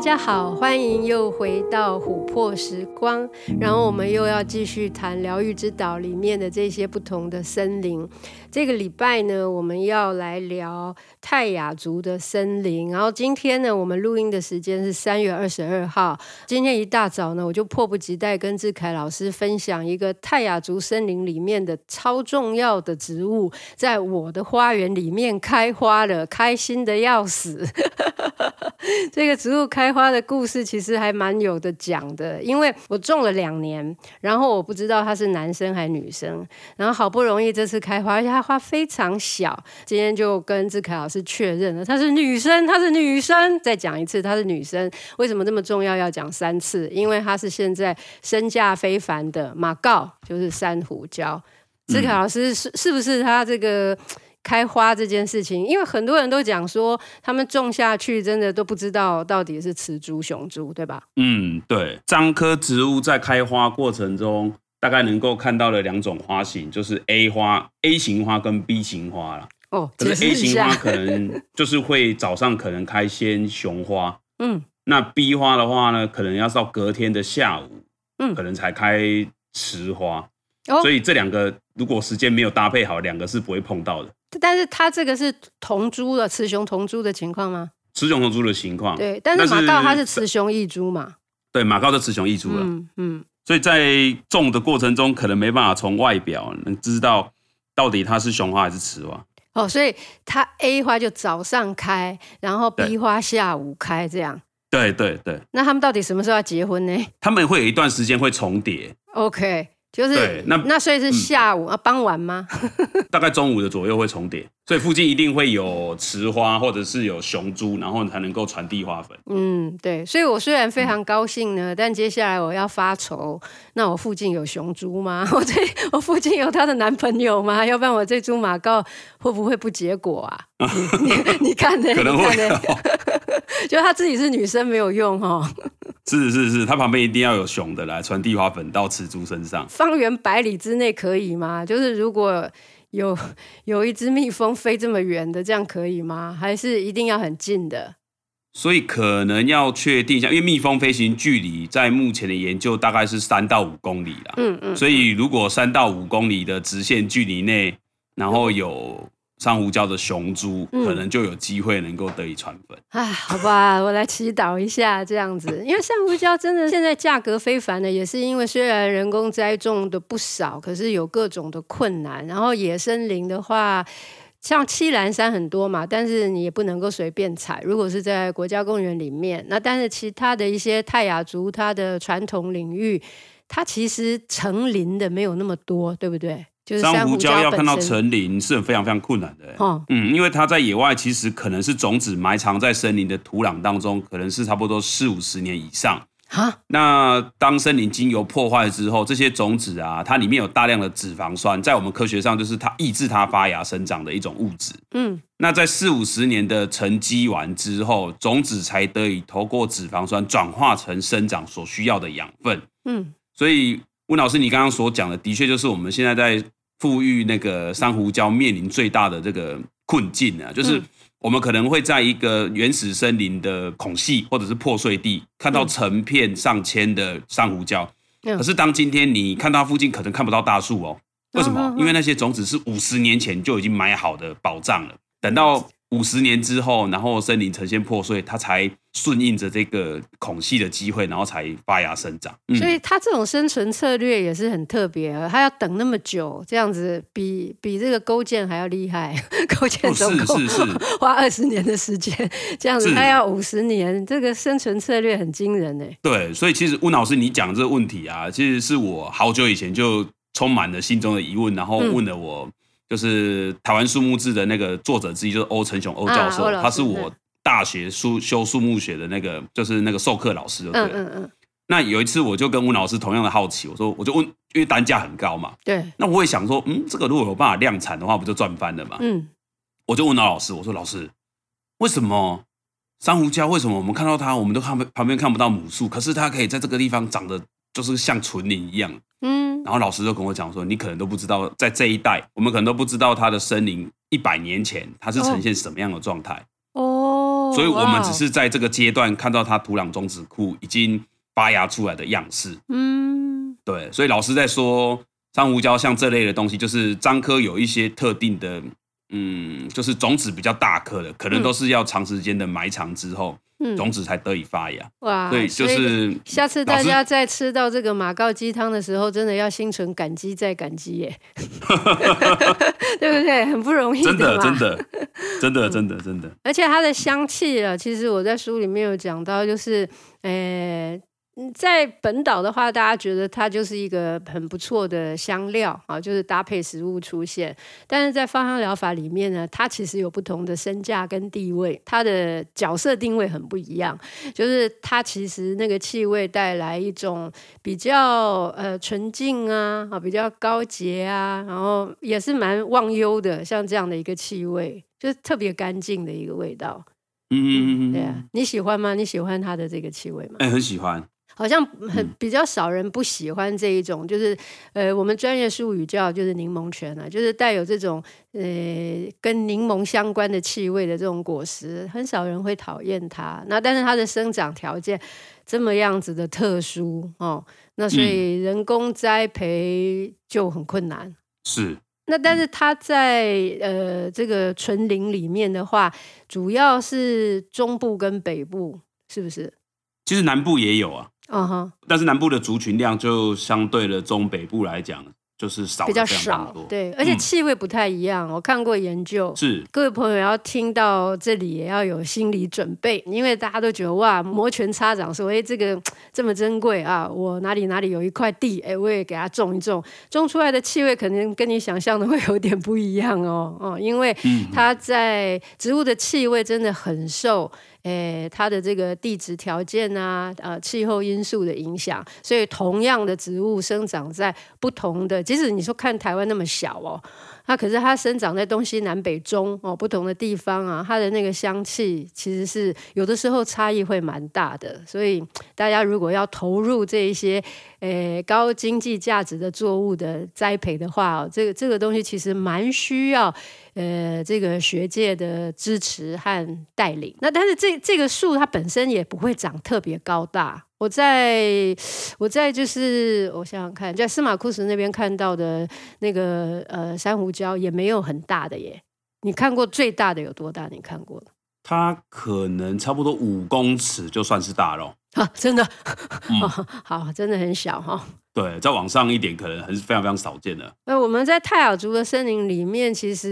大家好，歡迎又回到琥珀時光。然後我們又要繼續談療癒之島裡面的這些不同的森林。這個禮拜呢，我們要來聊泰雅族的森林。然後今天呢，我們錄音的時間是三月二十二號。今天一大早呢，我就迫不及待跟志凱老師分享一個泰雅族森林裡面的超重要的植物，在我的花園裡面開花了，開心得要死。 這個植物開花的故事其實還蠻有的講的，因為我種了兩年，然後我不知道它是男生還是女生，然後好不容易這次開花，而且它花非常小。今天就跟智凱老師確認了，它是女生，它是女生，再講一次，它是女生。為什麼這麼重要要講三次？因為它是現在身價非凡的馬告，就是山胡椒、嗯。智凱老師是是不是他這個？開花這件事情，因為很多人都講說，他們種下去真的都不知道到底是雌株雄株，對吧？嗯，對。樟科植物在開花過程中，大概能夠看到的兩種花型，就是 A 花、A 型花跟 B 型花啦。哦，這個 A 型花，可能就是會早上可能開先雄花。嗯。那 B 花的話呢，可能要到隔天的下午，嗯，可能才開雌花。哦。所以這兩個如果時間沒有搭配好，兩個是不會碰到的。但是它這個是同株的，雌雄同株的情況嗎？雌雄同株的情況。對，但是馬告它是雌雄異株嘛？對，馬告就雌雄異株了。嗯嗯。所以在種的過程中，可能沒辦法從外表能知道到底它是雄花還是雌花。哦，所以它 A 花就早上開，然後 B 花下午開這樣。對對對，對。那他們到底什麼時候要結婚呢？他們會有一段時間會重疊。OK。就是對、那那所以是下午，嗯、啊，傍晚嗎？ 大概中午的左右會重疊，所以附近一定會有雌花，或者是有雄株，然後你才能夠傳遞花粉。嗯，對，所以我雖然非常高興呢，嗯、但接下來我要發愁。那我附近有雄株嗎？我這我附近有他的男朋友嗎？要不然我這株馬告會不會不結果啊？啊你你看呢？可能會。你看呢？ 就他自己是女生沒有用哦。是是是、是，他旁邊一定要有雄的、嗯、來傳遞花粉到雌株身上。方圓百里之內可以嗎？就是如果有有一隻蜜蜂飛這麼遠的，這樣可以嗎？還是一定要很近的？所以可能要確定一下，因為蜜蜂飛行距離在目前的研究大概是三到五公里啦。嗯嗯，嗯，所以如果三到五公里的直線距離內，然後有。山胡椒的雄株可能就有機會能夠得以傳粉。哎、嗯，好吧，我來祈禱一下這樣子， 因為山胡椒真的現在價格非凡的，也是因為雖然人工栽種的不少，可是有各種的困難。然後野生林的話，像棲蘭山很多嘛，但是你也不能夠隨便採。如果是在國家公園裡面，那但是其他的一些泰雅族他的傳統領域，它其實成林的沒有那麼多，對不對？山胡椒要看到成林是非常非常困難的哦。嗯，因為它在野外其實可能是種子埋藏在森林的土壤當中，可能是差不多四五十年以上。那當森林經由破壞之後，這些種子啊，它裡面有大量的脂肪酸，在我們科學上就是它抑制它發芽生長的一種物質。嗯，那在四五十年的沉積完之後，種子才得以透過脂肪酸轉化成生長所需要的養分。嗯，所以溫老師，你剛剛所講的，的確就是我們現在在。富裕那個山胡椒面臨最大的這個困境啊，就是我們可能會在一個原始森林的孔隙或者是破碎地看到成片上千的山胡椒，可是當今天你看到附近可能看不到大樹哦，為什麼？因為那些種子是五十年前就已經埋好的寶藏了，等到。五十年之後，然後森林呈現破碎，它才順應着這個孔隙的機會，然後才發芽生長。嗯、所以它這種生存策略也是很特別，它要等那麼久，這樣子比比這個勾踐還要厲害。勾踐總共花二十年的時間、哦，這樣子它要五十年，這個生存策略很驚人哎。對，所以其實溫老師你講這個問題啊，其實是我好久以前就充滿了心中的疑問，然後問了我。嗯就是台灣樹木誌的那個作者之一，就是歐辰雄歐教授、啊歐，他是我大學修修樹木學的那個，就是那個授課老師對，對嗯嗯嗯。那有一次我就跟溫老師同樣的好奇，我說我就問，因為單價很高嘛。對。那我也想說，嗯，這個如果有辦法量產的話，不就賺翻了嘛？嗯。我就問到老師，我說老師，為什麼珊瑚礁？為什麼我們看到它，我們都看旁邊看不到母樹，可是它可以在這個地方長得就是像純林一樣？然後老師就跟我講說，你可能都不知道，在這一代，我們可能都不知道它的森林一百年前它是呈現什麼樣的狀態哦。Oh. Oh. Wow. 所以我們只是在這個階段看到它土壤種子庫已經發芽出來的樣式。嗯、mm.，對。所以老師在說，山胡椒像這類的東西，就是樟科有一些特定的，嗯，就是種子比較大顆的，可能都是要長時間的埋藏之後。Mm. 種子才得以發芽，哇、嗯！就是下次大家在吃到這個馬告雞湯的時候，真的要心存感激再感激耶 對不對？很不容易，真，真的真的真的真的、嗯、真的。而且它的香氣啊，其實我在書裡面有講到，就是誒。在本島的話，大家覺得它就是一個很不錯的香料啊，就是搭配食物出現。但是在芳香療法裡面呢，它其實有不同的身價跟地位，它的角色定位很不一樣。就是它其實那個氣味帶來一種比較呃純淨啊啊，比較高潔啊，然後也是蠻忘憂的，像這樣的一個氣味，就是特別乾淨的一個味道。嗯嗯嗯嗯，嗯，對啊，你喜歡嗎？你喜歡它的這個氣味嗎？欸，很喜歡。好像很比較少人不喜歡這一種，嗯、就是呃，我們專業術語叫就是檸檬泉啊，就是帶有這種呃跟檸檬相關的氣味的這種果實，很少人會討厭它。那但是它的生長條件這麼樣子的特殊哦，那所以人工栽培就很困難。是。那但是它在呃這個純林裡面的話，主要是中部跟北部，是不是？其實南部也有啊。啊哈，但是南部的族群量就相對的中北部來講，就是少比較少，對，而且氣味不太一樣。嗯、我看過研究，是各位朋友要聽到這裡也要有心理準備，因為大家都覺得哇，摩拳擦掌說，哎、欸，這個這麼珍貴啊，我哪裡哪裡有一塊地，哎、欸，我也給它種一種，種出來的氣味可能跟你想象的會有點不一樣哦，哦、嗯，因為它在植物的氣味真的很受。誒，它的這個地質條件啊，呃，氣候因素的影響，所以同樣的植物生長在不同的，即使你說看台灣那麼小哦。那可是它生長在東西南北中哦，不同的地方啊，它的那個香氣其實是有的時候差異會蠻大的。所以大家如果要投入這一些，呃，高經濟價值的作物的栽培的話，這個這個東西其實蠻需要，呃，這個學界的支持和帶領。那但是這這個樹它本身也不會長特別高大。我在，我在就是我想想看，在司馬庫斯那邊看到的那個呃山胡椒也沒有很大的耶。你看過最大的有多大？你看過它可能差不多五公尺就算是大了，哦啊。真的，嗯哦，好，真的很小哈，哦。對，再往上一點，可能還是非常非常少見的。那、呃、我們在泰雅族的森林裡面，其實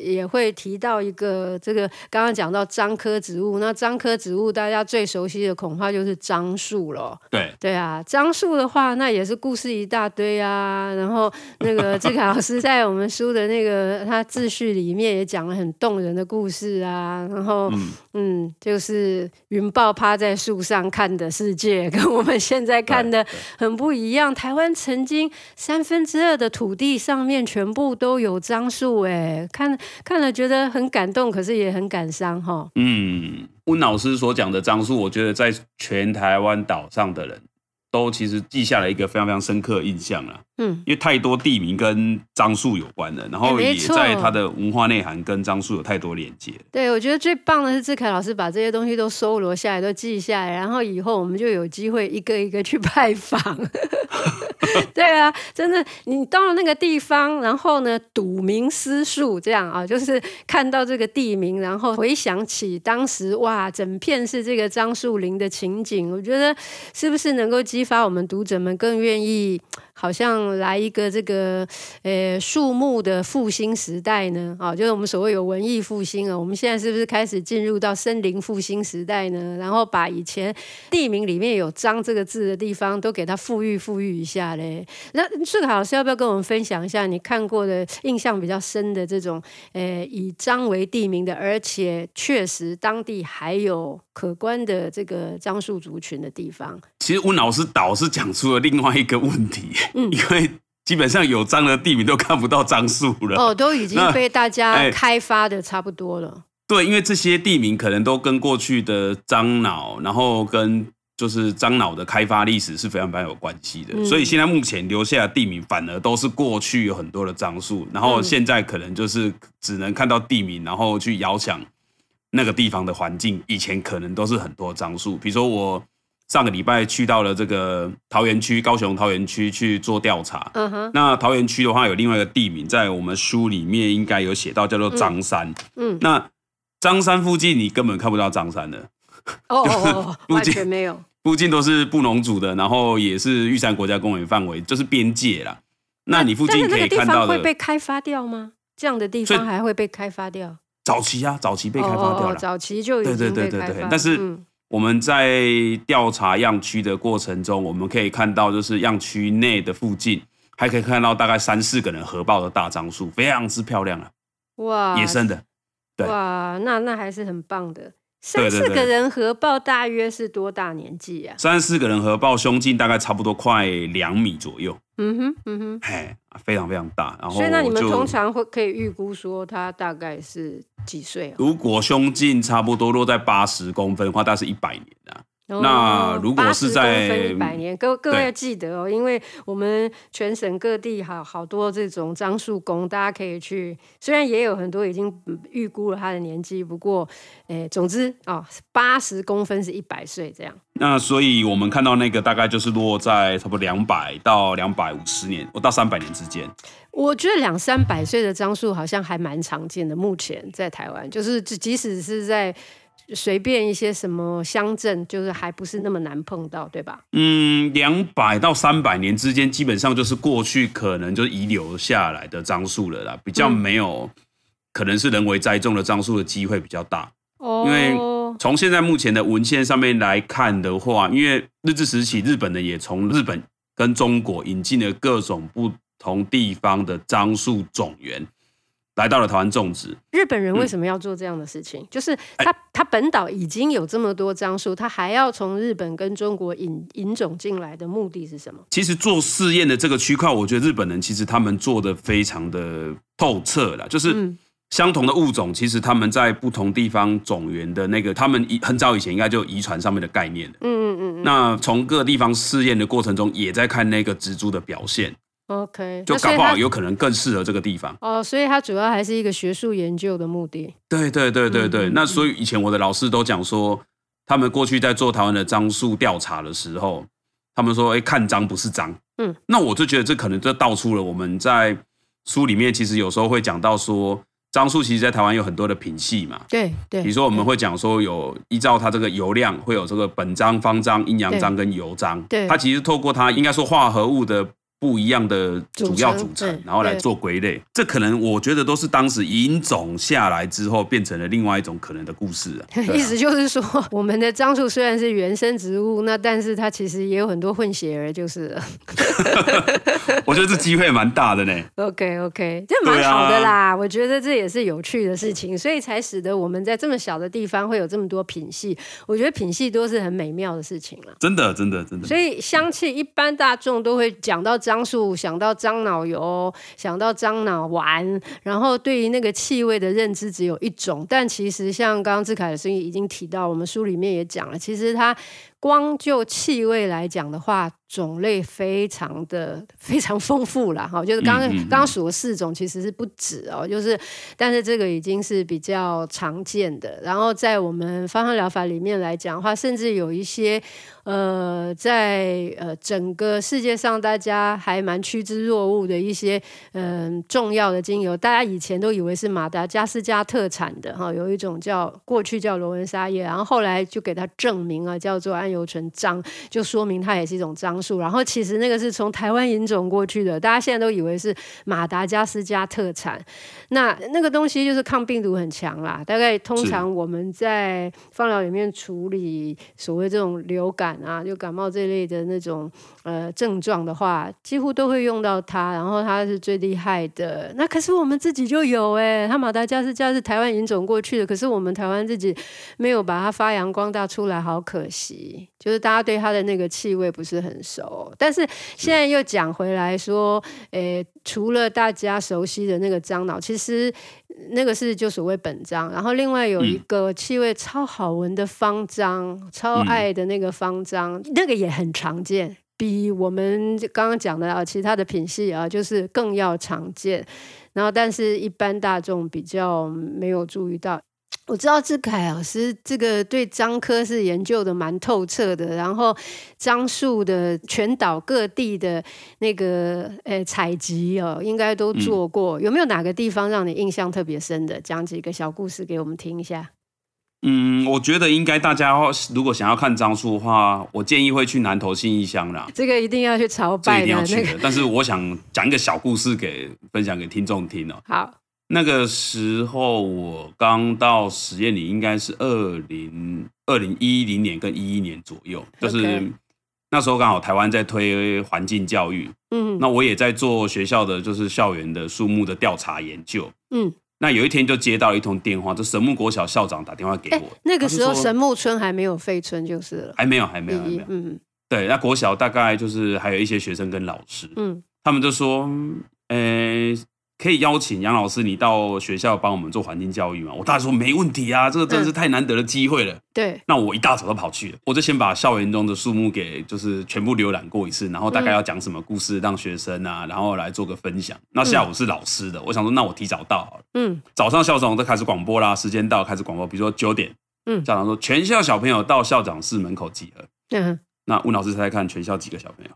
也會提到一個這個剛剛講到樟科植物。那樟科植物，大家最熟悉的恐怕就是樟樹咯。對，對啊，樟樹的話，那也是故事一大堆啊。然後那個志凱老師在我們書的那個 他自序裡面也講了很動人的故事啊。然後，嗯，嗯，就是雲豹趴在樹上看的世界，跟我們現在看的很不一樣。台灣曾經三分之二的土地上面全部都有樟樹，哎，看，看了覺得很感動，可是也很感傷，齁。嗯，溫老師所講的樟樹，我覺得在全台灣島上的人都其實記下了一個非常非常深刻印象啦。嗯，因為太多地名跟樟樹有關了，然後也在它的文化內涵跟樟樹有太多連接。對，我覺得最棒的是志凱老師把這些東西都搜羅下來，都記下來，然後以後我們就有機會一個一個去拜訪。 對啊，真的，你到了那個地方，然後呢，睹名思樹這樣啊，就是看到這個地名，然後回想起當時哇，整片是這個樟樹林的情景，我覺得是不是能夠激發我們讀者們更願意。好像來一個這個，呃、欸，樹木的復興時代呢，啊、哦，就是我們所謂有文藝復興啊、哦。我們現在是不是開始進入到森林復興時代呢？然後把以前地名裡面有“樟”這個字的地方，都給它復育復育一下嘞。那智凱老師要不要跟我們分享一下你看過的印象比較深的這種，呃、欸，以“樟”為地名的，而且確實當地還有可觀的這個樟樹族群的地方？其實溫老師倒是講出了另外一個問題。嗯，因為基本上有樟的地名都看不到樟樹了。哦，都已經被大家開發的差不多了，哎，對，因為這些地名可能都跟過去的樟腦，然後跟就是樟腦的開發歷史是非常非常有關係的。嗯，所以現在目前留下的地名反而都是過去有很多的樟樹，然後現在可能就是只能看到地名，然後去遙想那個地方的環境，以前可能都是很多樟樹。比如說我。上個禮拜去到了這個桃園區，高雄桃園區去做調查。嗯哼，那桃園區的話有另外一個地名，在我們書裡面應該有寫到，叫做張山。嗯，嗯，那張山附近你根本看不到張山的，哦、oh, oh, oh, 完全沒有，附近都是布農族的，然後也是玉山國家公園範圍，就是邊界啦那。那你附近可的看到、這個、地方會被開發掉嗎？這樣的地方還會被開發掉？早期啊，早期被開發掉了，oh, oh, oh, oh, 早期就已經對對發對對對對對。但是、嗯我們在調查樣區的過程中，我們可以看到，就是樣區內的附近，還可以看到大概三四個人合抱的大樟樹，非常之漂亮啊。哇，野生的，對，哇，那那還是很棒的。三四個人合抱，大約是多大年紀啊？三四個人合抱，胸徑大概差不多快兩米左右。嗯哼，嗯哼，哎，非常非常大。然後，所以那你們通常會可以預估說，它大概是？幾歲、哦？如果胸徑差不多落在八十公分的話，大概是一百年啊那如果是在，八十公分一百年，各各位要記得哦，因為我們全省各地好好多這種樟樹公，大家可以去，雖然也有很多已經預估了他的年紀，不過，誒，總之啊，八、哦、十公分是一百歲這樣。那所以我們看到那個大概就是落在差不多兩百到兩百五十年，或到三百年之間。我覺得兩三百歲的樟樹好像還蠻常見的，目前在台灣，就是即使是在。隨便一些什麼鄉鎮，就是還不是那麼難碰到，對吧？嗯，兩百到三百年之間，基本上就是過去可能就遺留下來的樟樹了啦，比較沒有、嗯、可能是人為栽種的樟樹的機會比較大。哦，因為從現在目前的文獻上面來看的話，因為日治時期日本呢也從日本跟中國引進了各種不同地方的樟樹種源。來到了台灣種植。日本人為什麼要做這樣的事情？嗯、就是他他本島已經有這麼多樟樹，他還要從日本跟中國引引種進來的目的是什麼？其實做試驗的這個區塊，我覺得日本人其實他們做的非常的透徹了。就是相同的物種、嗯，其實他們在不同地方種源的那個，他們很早以前應該就遺傳上面的概念了，嗯，嗯嗯嗯。那從各地方試驗的過程中，也在看那個植株的表現。OK，就搞不好有可能更適合這個地方哦。所以它主要還是一個學術研究的目的。對對對對對，嗯嗯嗯嗯。那所以以前我的老師都講說，他們過去在做台灣的樟樹調查的時候，他們說，哎，看樟不是樟。嗯。那我就覺得這可能就道出了我們在書裡面其實有時候會講到說，樟樹其實在台灣有很多的品系嘛。對對。比如說我們會講說有，有依照它這個油量會有這個本樟、方樟、陰陽樟跟油樟。對。它其實透過它應該說化合物的。不一樣的主要組成，組成然後來做歸類，這可能我覺得都是當時引種下來之後變成了另外一種可能的故事、啊。意思就是說，啊、我們的樟樹雖然是原生植物，那但是它其實也有很多混血兒，就是。 我覺得這機會蠻大的呢。OK OK，這蠻好的啦，啊、我覺得這也是有趣的事情，所以才使得我們在這麼小的地方會有這麼多品系。我覺得品系都是很美妙的事情啊。真的真的真的。所以香氣一般大眾都會講到這。樟樹想到樟腦油，想到樟腦丸，然後對於那個氣味的認知只有一種。但其實像剛剛志凱的聲音已經提到，我們書裡面也講了，其實他。光就氣味來講的話，種類非常的非常豐富啦，哈，就是剛剛、嗯嗯、剛數了四種，其實是不止哦，就是，但是這個已經是比較常見的。然後在我們芳香療法裡面來講的話，甚至有一些，呃，在呃整個世界上大家還蠻趨之若鶩的一些，嗯、呃，重要的精油，大家以前都以為是馬達加斯加特產的，哈、哦，有一種叫過去叫羅文沙葉，然後後來就給它正名啊，叫做。油醇樟就說明它也是一種樟樹，然後其實那個是從台灣引種過去的，大家現在都以為是馬達加斯加特產。那那個東西就是抗病毒很強啦，大概通常我們在芳療裡面處理所謂這種流感啊，就感冒這類的那種呃症狀的話，幾乎都會用到它，然後它是最厲害的。那可是我們自己就有哎、欸，它馬達加斯加是台灣引種過去的，可是我們台灣自己沒有把它發揚光大出來，好可惜。就是大家對它的那個氣味不是很熟，但是現在又講回來說，誒，除了大家熟悉的那個樟腦，其實那個是就所謂本樟，然後另外有一個氣味超好聞的芳樟、嗯，超愛的那個芳樟、嗯，那個也很常見，比我們剛剛講的啊其他的品系啊，就是更要常見，然後但是一般大眾比較沒有注意到。我知道智凱老師這個對樟科是研究的蠻透徹的，然後樟樹的全島各地的那個誒採、欸、集哦、喔，應該都做過、嗯。有沒有哪個地方讓你印象特別深的？講幾個小故事給我們聽一下。嗯，我覺得應該大家如果想要看樟樹的話，我建議會去南投信義鄉啦。這個一定要去朝拜，這個一定要去。但是我想講一個小故事給分享給聽眾聽哦、喔。好。那個時候我剛到實驗裡，應該是二零二零一零年跟一一年左右，就是那時候剛好台灣在推環境教育，嗯、okay.，那我也在做學校的就是校園的樹木的調查研究，嗯，那有一天就接到一通電話，就神木國小校長打電話給我，欸、那個時候神木村還沒有廢村就是了，還沒有還沒有還沒有，嗯，對，那國小大概就是還有一些學生跟老師，嗯，他們就說，誒、欸。可以邀請楊老師你到學校幫我們做環境教育嗎？我大家說沒問題啊，這個真是太難得的機會了，嗯。對，那我一大早就跑去了，我就先把校園中的樹木給就是全部瀏覽過一次，然後大概要講什麼故事，嗯、讓學生啊，然後來做個分享。那下午是老師的，嗯、我想說那我提早到。嗯，早上校長都開始廣播啦，時間到開始廣播，比如說九點，嗯，校長說全校小朋友到校長室門口集合。嗯，那溫老師猜猜看全校幾個小朋友？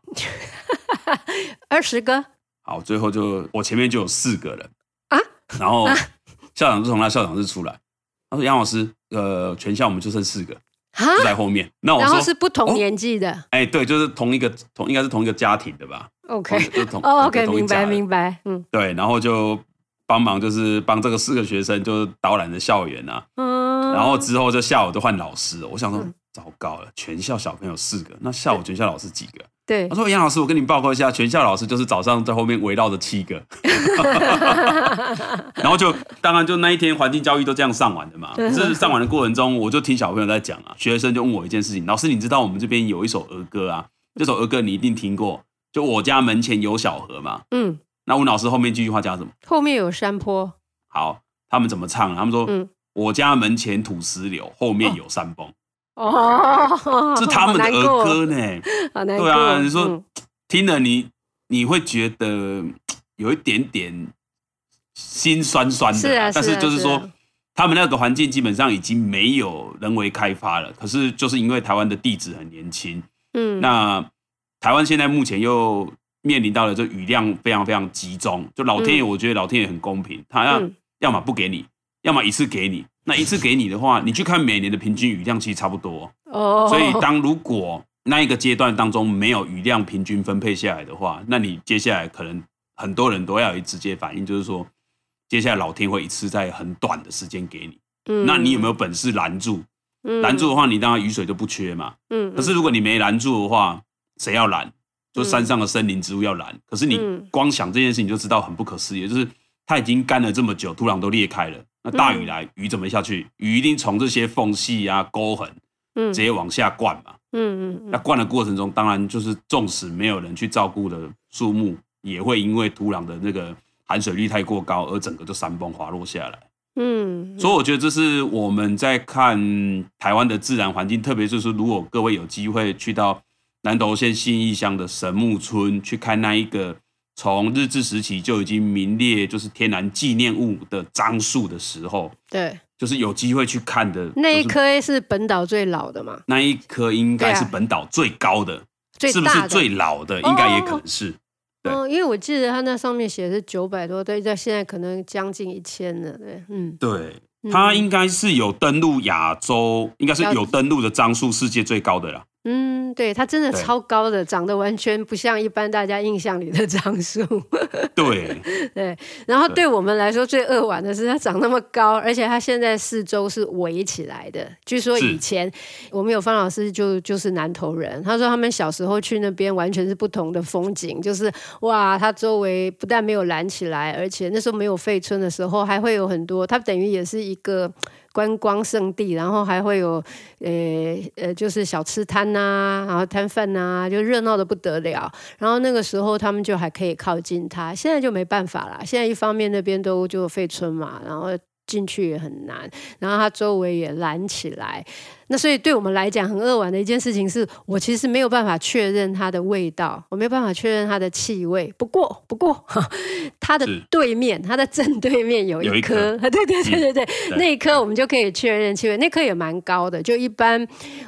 二 十個。好，最後就我前面就有四個人啊，然後、啊、校長就從他校長室出來，他說：“楊老師，呃，全校我們就剩四個，就在後面。”那我說：“然後是不同年紀的。哦”哎，對，就是同一個同應該是同一個家庭的吧？OK，哦、oh, OK，明白明白，嗯，對，然後就幫忙就是幫這個四個學生就是導覽的校園啊，嗯，然後之後就下午就換老師了，我想說、嗯、糟糕了，全校小朋友四個，那下午全校老師幾個？嗯對，我說楊老師，我跟你報告一下，全校老師就是早上在後面圍繞着七個， 然後就當然就那一天環境教育都這樣上完的嘛。可、啊、是上完的過程中，我就聽小朋友在講啊，學生就問我一件事情，老師你知道我們這邊有一首兒歌啊，嗯、這首兒歌你一定聽過，就我家門前有小河嘛。嗯，那問老師後面這句話叫什麼？後面有山坡。好，他們怎麼唱、啊？他們說，嗯，我家門前土石流，後面有山崩。哦哦、oh，是他們的兒歌呢？對啊，你說、嗯、聽了你你會覺得有一點點心酸酸的，是啊，但是就是說，是啊是啊，他們那個環境基本上已經沒有人為開發了，可是就是因為台灣的地質很年輕，嗯，那台灣現在目前又面臨到了這雨量非常非常集中，就老天爺、嗯，我覺得老天爺很公平，他要、嗯、要麼不給你。要麼一次給你，那一次給你的話，你去看每年的平均雨量其實差不多哦。Oh. 所以當如果那一個階段當中沒有雨量平均分配下來的話，那你接下來可能很多人都要有一直接反應，就是說接下來老天會一次在很短的時間給你。Mm. 那你有沒有本事攔住？攔、mm. 住的話，你當然雨水都不缺嘛。嗯、mm.。可是如果你沒攔住的話，誰要攔？就山上的森林植物要攔。可是你光想這件事情就知道很不可思議，就是它已經乾了這麼久，突然都裂開了。那大雨來，雨、嗯、怎麼下去？雨一定從這些縫隙啊、溝痕，直接往下灌嘛。嗯嗯，嗯，嗯。那灌的過程中，當然就是縱使沒有人去照顧的樹木，也會因為土壤的那個含水率太過高，而整個就山崩滑落下來。嗯。嗯，所以我覺得這是我們在看台灣的自然環境，特別就是說，如果各位有機會去到南投縣信義鄉的神木村去看那一個。從日治時期就已經名列就是天然紀念物的樟樹的時候，對，就是有機會去看的。那一棵是本島最老的嘛？那一棵應該是本島最高的，啊，最大的，是不是最老的？哦、應該也可能是。嗯、哦哦，因為我記得它那上面寫是九百多，對，在現在可能將近一千了，對，嗯，對。它應該是有登陸亞洲，應該是有登陸的樟樹，世界最高的啦。嗯，對，它真的超高的，長得完全不像一般大家印象裡的樟樹。 對對，然後對我們來說最扼腕的是它長那麼高，而且它現在四周是圍起來的。據說以前我們有方老師就就是南投人，他說他們小時候去那邊完全是不同的風景，就是哇，它周圍不但沒有攔起來，而且那時候沒有廢村的時候，還會有很多，它等於也是一個。觀光勝地，然後還會有，呃呃，就是小吃攤吶、啊，然後攤販吶、啊，就熱鬧得不得了。然後那個時候他們就還可以靠近他，現在就沒辦法了。現在一方面那邊都就廢村嘛，然後進去也很難，然後它周圍也攔起來。那所以對我們來講很扼腕的一件事情是，我其實沒有辦法確認它的味道，我沒有辦法確認它的氣味。不過不過，它的對面，它的正對面有一棵，一顆 對對對對對，對那一棵我們就可以確認氣味。那棵也蠻高的，就一般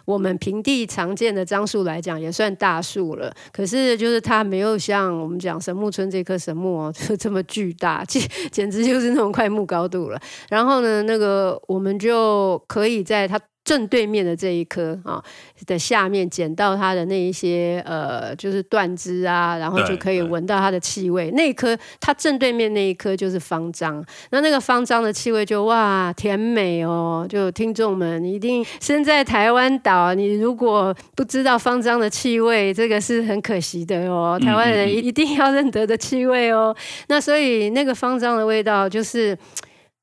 我們平地常見的樟樹來講也算大樹了。可是就是它沒有像我們講神木村這棵神木哦，就這麼巨大，簡簡直就是那麼檜木高度了。然後呢，那個我們就可以在它正對面的這一棵啊，的下面，撿到它的那一些呃，就是斷枝啊，然後就可以聞到它的氣味。那一棵它正對面那一棵就是芳樟，那那個芳樟的氣味就哇甜美哦。就聽眾們，你一定身在台灣島，你如果不知道芳樟的氣味，這個是很可惜的哦。台灣人一定要認得的氣味哦。嗯、嗯、嗯，那所以那個芳樟的味道就是。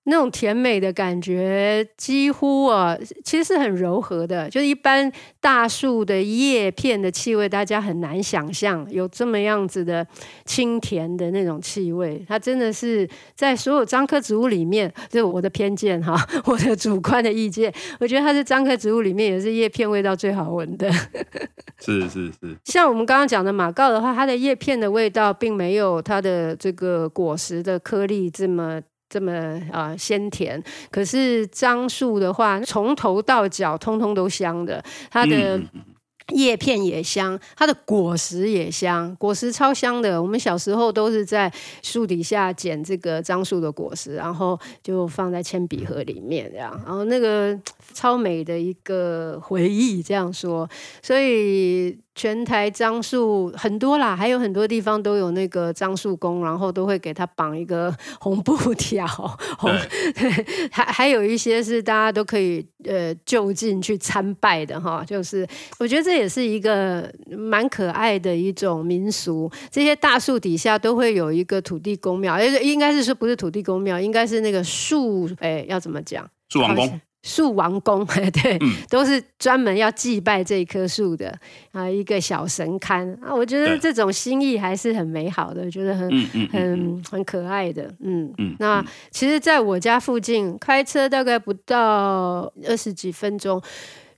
那種甜美的感覺，幾乎啊，其實是很柔和的。就是一般大樹的葉片的氣味，大家很難想象有這麼樣子的清甜的那種氣味。它真的是在所有樟科植物裡面，就我的偏見哈，我的主觀的意見，我覺得它是樟科植物裡面也是葉片味道最好聞的。 是是是，像我們剛剛講的馬告的話，它的葉片的味道並沒有它的這個果實的顆粒這麼。這麼啊、呃、鮮甜，可是樟樹的話，從頭到腳通通都香的，它的葉片也香，它的果實也香，果實超香的。我們小時候都是在樹底下撿這個樟樹的果實，然後就放在鉛筆盒裡面這樣，然後那個超美的一個回憶這樣說，所以。全台樟樹很多啦，還有很多地方都有那個樟樹公，然後都會給他綁一個紅布條。紅。對。還還有一些是大家都可以呃就近去參拜的哈，就是我覺得這也是一個蠻可愛的一種民俗。這些大樹底下都會有一個土地公廟，應該是說不是土地公廟，應該是那個樹哎、欸、要怎麼講？樹王公樹王公，對，嗯、都是專門要祭拜這一棵樹的啊，一個小神龕啊。我覺得這種心意還是很美好的，嗯、覺得很、嗯嗯嗯、很很可愛的。嗯嗯。那嗯其實，在我家附近開車大概不到二十幾分鐘，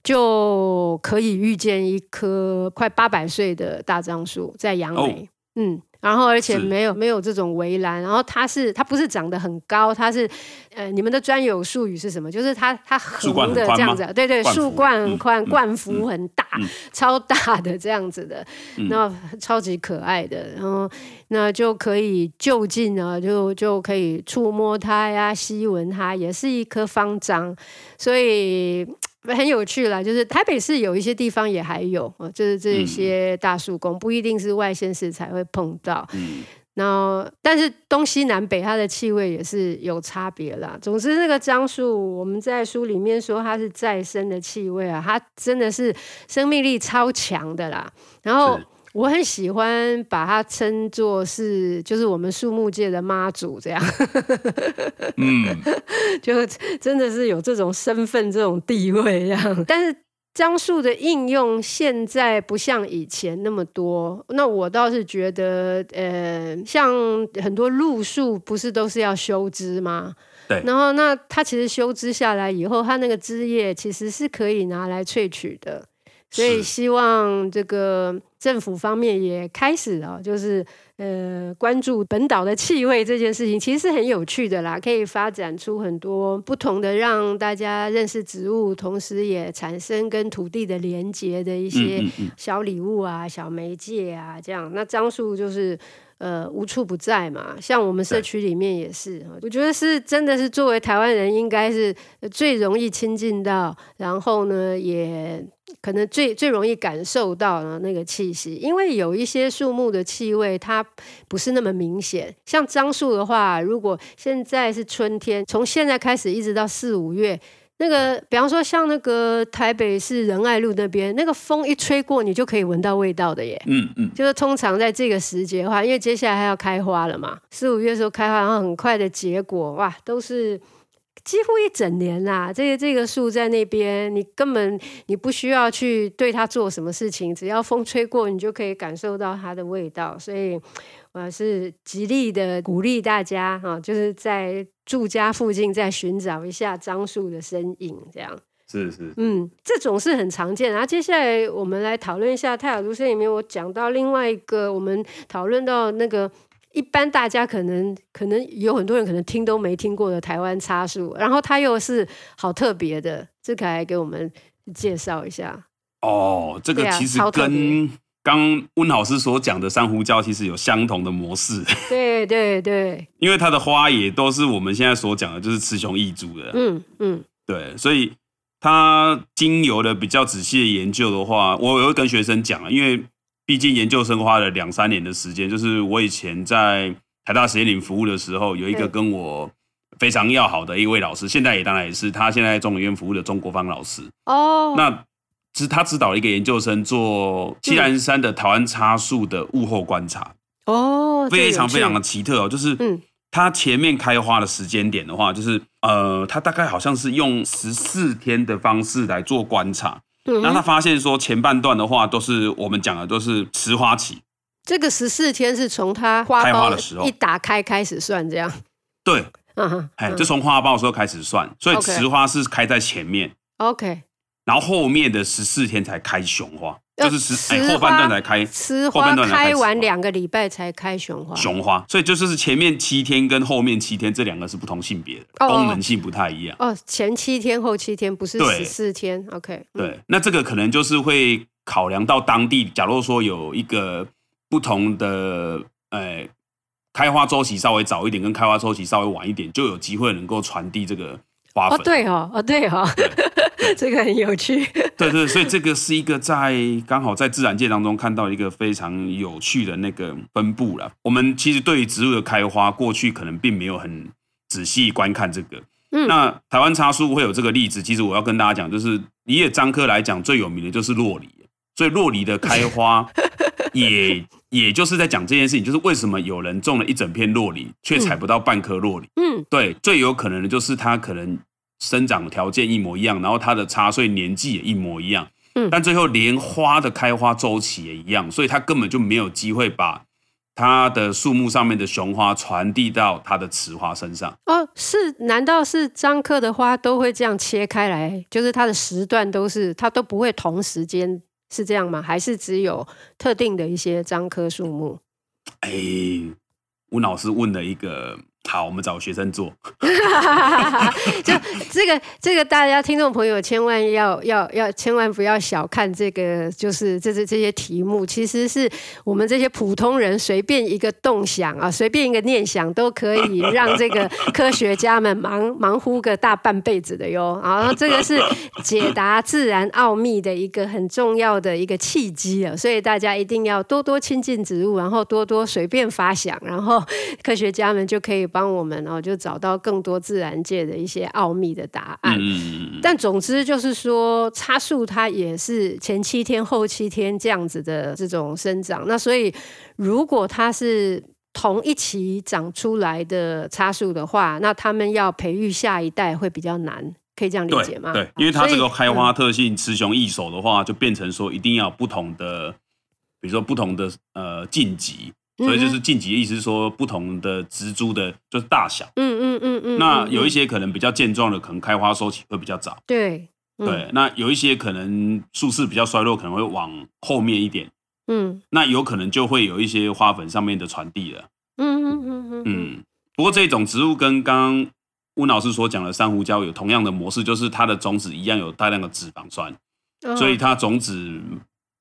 就可以遇見一棵快八百歲的大樟樹，在楊梅。嗯。然後，而且沒有沒有這種圍欄，然後它是它不是長得很高，它是呃，你們的專有術語是什麼？就是它它橫的這樣子，對對，樹冠很寬，冠、嗯、幅、嗯、很大、嗯嗯，超大的這樣子的，嗯、然後超級可愛的，然、嗯、後。那就可以就近啊，就就可以觸摸它呀，吸聞它，也是一棵芳樟，所以很有趣啦，就是台北市有一些地方也還有，就是這些大樹公、嗯，不一定是外縣市才會碰到。嗯。然後，但是東西南北它的氣味也是有差別啦。總之，那個樟樹我們在書裡面說它是再生的氣味啊，它真的是生命力超強的啦。然後。我很喜歡把它稱作是，就是我們樹木界的媽祖這樣。嗯， 就真的是有這種身份、這種地位這樣。嗯。但是樟樹的應用現在不像以前那麼多。那我倒是覺得，呃，像很多路樹不是都是要修枝嗎？對。然後，那它其實修枝下來以後，它那個枝葉其實是可以拿來萃取的。所以希望這個政府方面也開始哦，就是呃關注本島的氣味這件事情，其實是很有趣的啦，可以發展出很多不同的讓大家認識植物，同時也產生跟土地的連接的一些小禮物啊、小媒介啊這樣。那樟樹就是。呃，無處不在嘛，像我們社區裡面也是，我覺得是真的是作為台灣人，應該是最容易親近到，然後呢，也可能最最容易感受到呢那個氣息，因為有一些樹木的氣味，它不是那麼明顯。像樟樹的話，如果現在是春天，從現在開始一直到四五月。那個，比方說像那個台北市仁愛路那邊，那個風一吹過，你就可以聞到味道的耶。嗯嗯，就是通常在這個時節的話，因為接下來還要開花了嘛，四五月的時候開花，然後很快的結果，哇，都是。幾乎一整年啦，啊，這個這個樹在那邊，你根本你不需要去對它做什麼事情，只要風吹過，你就可以感受到它的味道。所以，我是極力的鼓勵大家哈，啊，就是在住家附近再尋找一下樟樹的身影，這樣是，是是嗯，這種是很常見。然後接下來我們來討論一下泰雅族森林裡面我講到另外一個，我們討論到那個。一般大家可能可能有很多人可能聽都沒聽過的台灣檫樹，然後它又是好特別的，智、這、凱、個、來給我們介紹一下。哦，這個其實跟剛溫老師所講的珊瑚礁其實有相同的模式。對對對，因為它的花也都是我們現在所講的，就是雌雄異株的。嗯嗯，對，所以它經由的比較仔細的研究的話，我也會跟學生講，因為。畢竟研究生花了兩三年的時間，就是我以前在台大實驗林服務的時候，有一個跟我非常要好的一位老師，現在也當然也是他現在在中研院服務的鍾國芳老師哦。Oh. 那他指導了一個研究生做棲蘭山的台灣、嗯、檫樹的物候觀察哦、oh，非常非常的奇特哦，就是嗯，他前面開花的時間點的話，就是呃，他大概好像是用十四天的方式來做觀察。那嗯嗯他發現說，前半段的話都是我們講的，都是雌花期。這個十四天是從它花苞的時候一打開開始算，這樣。 對，嗯，就從花苞的時候開始算，所以雌花是開在前面。OK, okay.。然後後面的十四天才開雄花、呃，就是十、呃欸、後半段才開雌花、呃呃，後半段,才開,後半段才開,開完兩個禮拜才開雄花。雄花，所以就是前面七天跟後面七天這兩個是不同性別的、哦哦，功能性不太一樣。哦，前七天後七天不是十四天對？OK，對、嗯。那這個可能就是會考量到當地，假如說有一個不同的，呃、欸，開花周期稍微早一點，跟開花周期稍微晚一點，就有機會能夠傳遞這個花粉。哦，對哦，哦，對哦。對這個很有趣，對對，對，所以這個是一個在剛好在自然界當中看到一個非常有趣的那個分布了。我們其實對於植物的開花，過去可能並沒有很仔細觀看這個、嗯。那台灣檫樹會有這個例子，其實我要跟大家講，就是以樟科來講最有名的就是酪梨，所以酪梨的開花也也就是在講這件事情，就是為什麼有人種了一整片酪梨，卻採不到半顆酪梨？嗯，對，最有可能的就是它可能。生長條件一模一樣，然後它的插穗年紀也一模一樣，嗯，但最後連花的開花週期也一樣，所以它根本就沒有機會把它的樹木上面的雄花傳遞到它的雌花身上。哦，是？難道是樟科的花都會這樣切開來？就是它的時段都是，它都不會同時間是這樣嗎？還是只有特定的一些樟科樹木？哎，溫老師問了一個。好，我們找學生做。 就這個，這個大家聽眾朋友千萬要要要千萬不要小看這個，就是這這這些題目，其實是我們這些普通人隨便一個動想啊，隨便一個念想，都可以讓這個科學家們忙忙乎個大半輩子的喲。然後這個是解答自然奧秘的一個很重要的一個契機啊，所以大家一定要多多親近植物，然後多多隨便發想，然後科學家們就可以。幫我們，然後就找到更多自然界的一些奧秘的答案。嗯嗯，但總之就是說，檫樹它也是前七天後七天這樣子的這種生長。那所以，如果它是同一期長出來的檫樹的話，那他們要培育下一代會比較難，可以這樣理解嗎？對，因為它這個開花特性雌雄異熟的話，就變成說一定要不同的，比如說不同的呃晉級。所以就是晉級，意思是說不同的植株的，就是大小。嗯嗯嗯嗯。那有一些可能比較健壯的，可能開花收起會比較早。對。嗯、對。那有一些可能樹勢比較衰弱，可能會往後面一點。嗯。那有可能就會有一些花粉上面的傳遞了。嗯嗯嗯嗯。嗯。不過這種植物跟剛剛溫老師所講的山胡椒有同樣的模式，就是它的種子一樣有大量的脂肪酸，所以它種子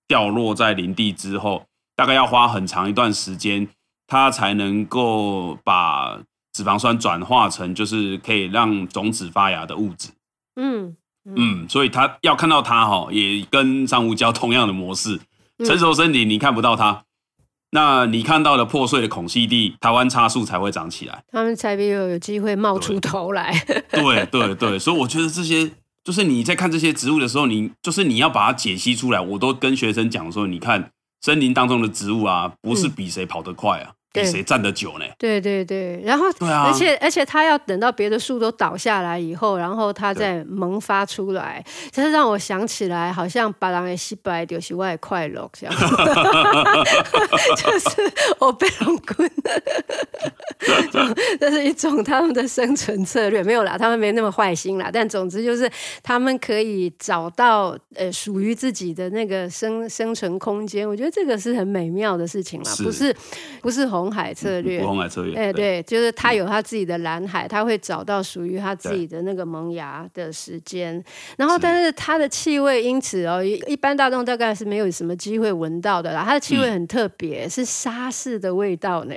掉落在林地之後。大概要花很長一段時間，它才能夠把脂肪酸轉化成就是可以讓種子發芽的物質。嗯嗯，嗯，所以他要看到它哈，也跟珊瑚礁同樣的模式。成熟身體你看不到它。嗯，那你看到的破碎的孔隙地，台灣檫樹才會長起來。他們才有有機會冒出頭來。對對對，所以我覺得這些就是你在看這些植物的時候，你就是你要把它解析出來。我都跟學生講說，你看。森林當中的植物啊，不是比誰跑得快啊。嗯。比誰站得久呢？對對對,對，然後，而且而且他要等到別的樹都倒下來以後，然後他再萌發出來。這是讓我想起來，好像別人的失敗就是我的快樂，這樣，就是我被龍棍。了。這是一種他們的生存策略，沒有啦，他們沒那麼壞心啦。但總之就是，他們可以找到呃屬於自己的那個生生存空間。我覺得這個是很美妙的事情啦，不是不是紅。紅海策略，嗯、紅海策略，欸、對對，就是他有他自己的藍海，他會找到屬於他自己的那個萌芽的時間。然後，但是它的氣味，因此哦，一般大眾大概是沒有什麼機會聞到的啦。它的氣味很特別、嗯，是沙士的味道呢。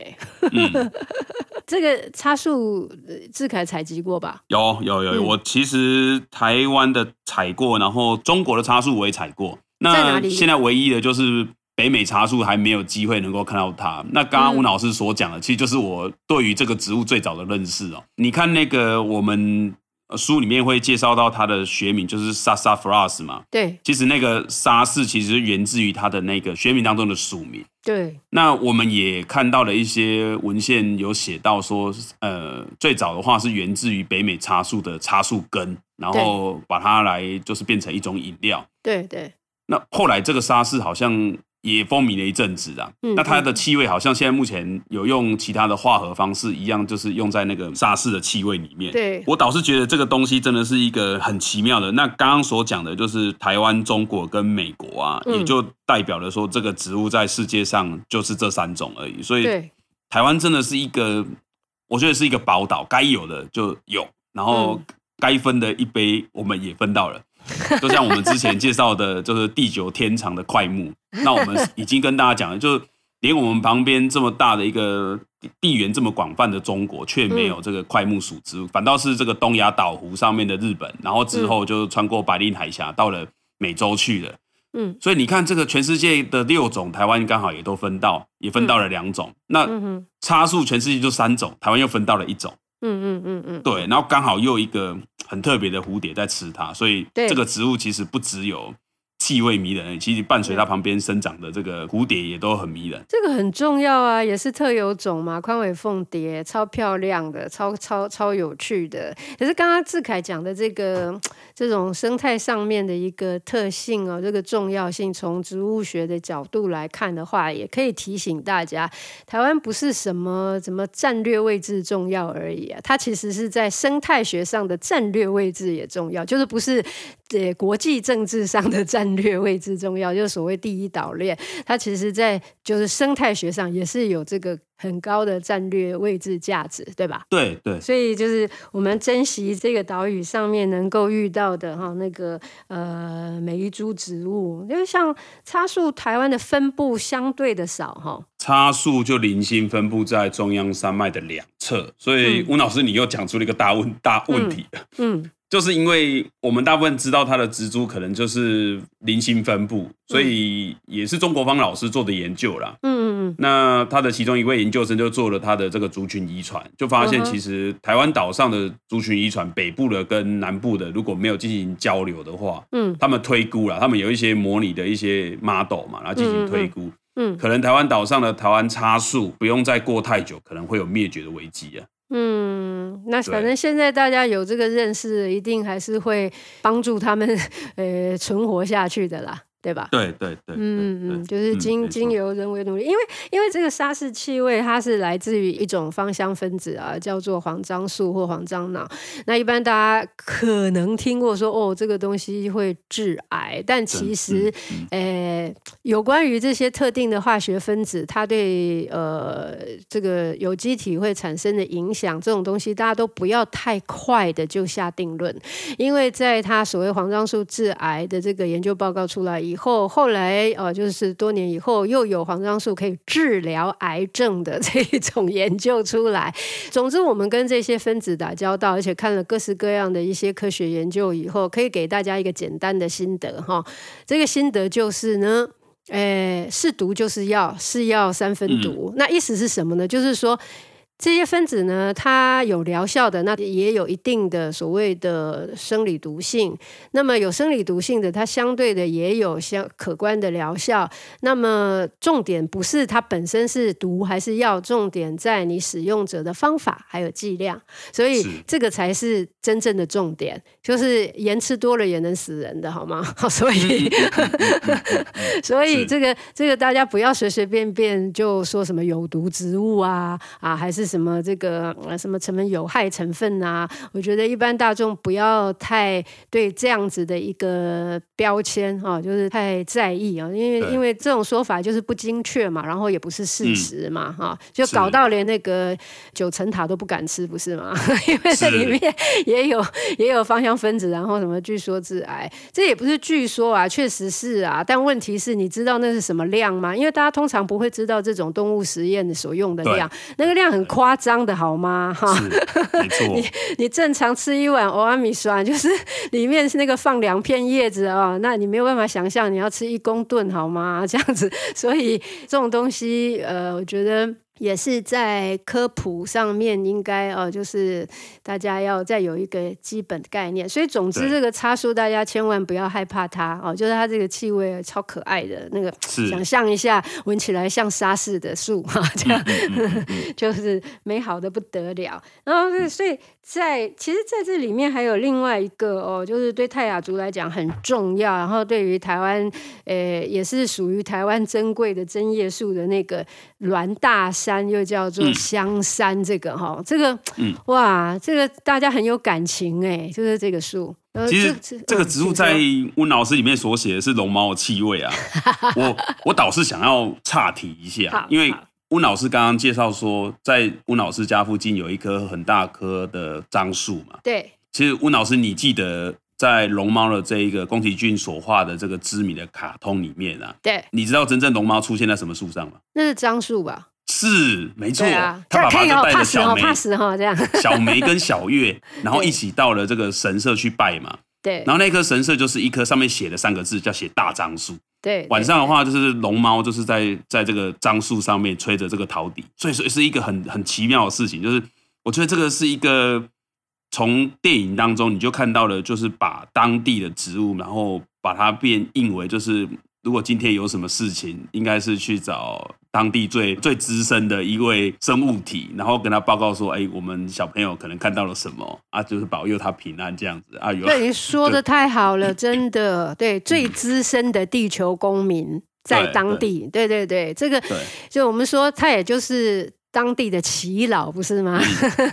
嗯、 這個檫樹智凱採集過吧？有有有、有、嗯，我其實台灣的採過，然後中國的檫樹我也採過。在哪裡？那現在唯一的就是。北美檫樹還沒有機會能夠看到它。那剛剛溫老師所講的、嗯，其實就是我對於這個植物最早的認識哦。你看那個我們書裡面會介紹到它的學名，就是 Sassafras 嘛。對，其實那個沙士其實源自於它的那個學名當中的屬名。對。那我們也看到了一些文獻有寫到說，呃，最早的話是源自於北美檫樹的檫樹根，然後把它來就是變成一種飲料。對對。那後來這個沙士好像。也風靡了一陣子啊，那它的氣味好像現在目前有用其他的化合方式一樣，就是用在那個沙士的氣味裡面。對，我倒是覺得這個東西真的是一個很奇妙的。那剛剛所講的就是台灣、中國跟美國啊，也就代表了說這個植物在世界上就是這三種而已。所以，台灣真的是一個，我覺得是一個寶島，該有的就有，然後該分的一杯我們也分到了。 就像我們之前介紹的，就是地久天長的檜木。那我們已經跟大家講了，就是連我們旁邊這麼大的一個地緣這麼廣泛的中國，卻沒有這個檜木屬植物，嗯、反倒是這個東亞島弧上面的日本，然後之後就穿過白令海峽到了美洲去了。嗯，所以你看，這個全世界的六種，台灣剛好也都分到，也分到了兩種。那檫樹全世界就三種，台灣又分到了一種。嗯嗯嗯嗯，對，然後剛好又有一個很特別的蝴蝶在吃它，所以這個植物其實不只有，氣味迷人，欸，其實伴隨它旁邊生長的這個蝴蝶也都很迷人。這個很重要啊，也是特有種嘛，寬尾鳳蝶，超漂亮的，超超超有趣的。可是剛剛智凱講的這個這種生態上面的一個特性哦，喔，這個重要性，從植物學的角度來看的話，也可以提醒大家，台灣不是什麼什麼戰略位置重要而已啊，它其實是在生態學上的戰略位置也重要，就是不是在，欸、國際政治上的戰略略位置重要，就是所謂第一島鏈，它其實在就是生態學上也是有這個很高的戰略位置價值，對吧？對對。所以就是我們珍惜這個島嶼上面能夠遇到的哈那個呃每一株植物，因為像檫樹台灣的分布相對的少哈。檫樹就零星分布在中央山脈的兩側，所以溫老師你又講出了一個大問大問題。嗯。嗯就是因為我們大部分知道它的植株可能就是零星分布，所以也是中國方老師做的研究啦。嗯嗯嗯。那他的其中一位研究生就做了他的這個族群遺傳，就發現其實台灣島上的族群遺傳，北部的跟南部的如果沒有進行交流的話，嗯，他們推估了，他們有一些模擬的一些 model 嘛，然後進行推估，嗯，可能台灣島上的台灣檫樹不用再過太久，可能會有滅絕的危機啊。嗯，那反正現在大家有這個認識，一定還是會幫助他們，呃，存活下去的啦。對吧？對對對，對。嗯嗯，就是經經由人為努力，嗯，因為因為這個沙士氣味，它是來自於一種芳香分子啊，叫做黃樟素或黃樟腦。那一般大家可能聽過說哦，這個東西會致癌，但其實，呃、嗯嗯欸，有關於這些特定的化學分子，它對呃這個有機體會產生的影響，這種東西大家都不要太快的就下定論，因為在他所謂黃樟素致癌的這個研究報告出來以。以後，後來，呃，就是多年以後，又有黃樟素可以治療癌症的這一種研究出來。總之，我們跟這些分子打交道，而且看了各式各樣的一些科學研究以後，可以給大家一個簡單的心得哈。這個心得就是呢，誒，是毒就是藥，是藥三分毒。嗯。那意思是什麼呢？就是說。這些分子呢，它有療效的，那也有一定的所謂的生理毒性。那麼有生理毒性的，它相對的也有相可觀的療效。那麼重點不是它本身是毒還是藥，重點在你使用者的方法還有劑量。所以這個才是真正的重點，就是鹽吃多了也能死人的，好嗎？好，所以， 所以這個這個大家不要隨隨便便就說什麼有毒植物啊啊，還是。什麼這個呃什麼成分有害成分啊？我覺得一般大眾不要太對這樣子的一個標籤哈、哦，就是太在意啊，因為因為這種說法就是不精確嘛，然後也不是事實嘛，哈、嗯哦，就搞到連那個九層塔都不敢吃，不是嗎？是因為這裡面也有也有芳香分子，然後什麼據說致癌，這也不是據說啊，確實是啊，但問題是你知道那是什麼量嗎？因為大家通常不會知道這種動物實驗所用的量，那個量很。誇張的好嗎？哈， 你你正常吃一碗蚵仔米酸，就是裡面是那個放兩片葉子啊，那你沒有辦法想象你要吃一公噸好嗎？這樣子，所以這種東西，呃，我覺得。也是在科普上面，應該哦，就是大家要再有一個基本概念。所以總之，這個檫樹大家千萬不要害怕它哦，就是它這個氣味超可愛的那個，想象一下，聞起來像沙士的樹哈，這樣、嗯嗯嗯、呵呵就是美好的不得了。然後是、嗯、所以。在其實，在這裡面還有另外一個哦，就是對泰雅族來講很重要，然後對於台灣，誒、呃，也是屬於台灣珍貴的針葉樹的那個巒大杉，又叫做香杉這、哦嗯，這個哈，這、嗯、個，哇，這個大家很有感情哎，就是這個樹。呃、其實這個、嗯、植物在溫老師裡面所寫的是龍貓的氣味啊， 我我倒是想要岔題一下，因為。溫老師剛剛介紹說，在溫老師家附近有一棵很大棵的樟樹嘛。對，其實溫老師，你記得在《龍貓》的這一個宮崎駿所畫的這個知名的卡通裡面啊，對，你知道真正龍貓出現在什麼樹上嗎？那是樟樹吧？是，沒錯、啊。他爸爸就帶著小梅、小梅這樣，小梅跟小月，然後一起到了這個神社去拜嘛。然後那棵神社就是一棵上面寫的三個字叫“寫大樟樹”。對，對，晚上的話就是龍貓就是在在這個樟樹上面吹着這個陶笛，所以，所以是一個很很奇妙的事情。就是我覺得這個是一個從電影當中你就看到了，就是把當地的植物，然後把它變應為就是如果今天有什麼事情，應該是去找。當地最最資深的一位生物體，然後跟他報告說：“哎，我們小朋友可能看到了什麼啊？就是保佑他平安這樣子啊。”對，你說得太好了， 真的。對，最資深的地球公民在當地。對對對，對對，這個對就我們說，他也就是。當地的耆老不是嗎？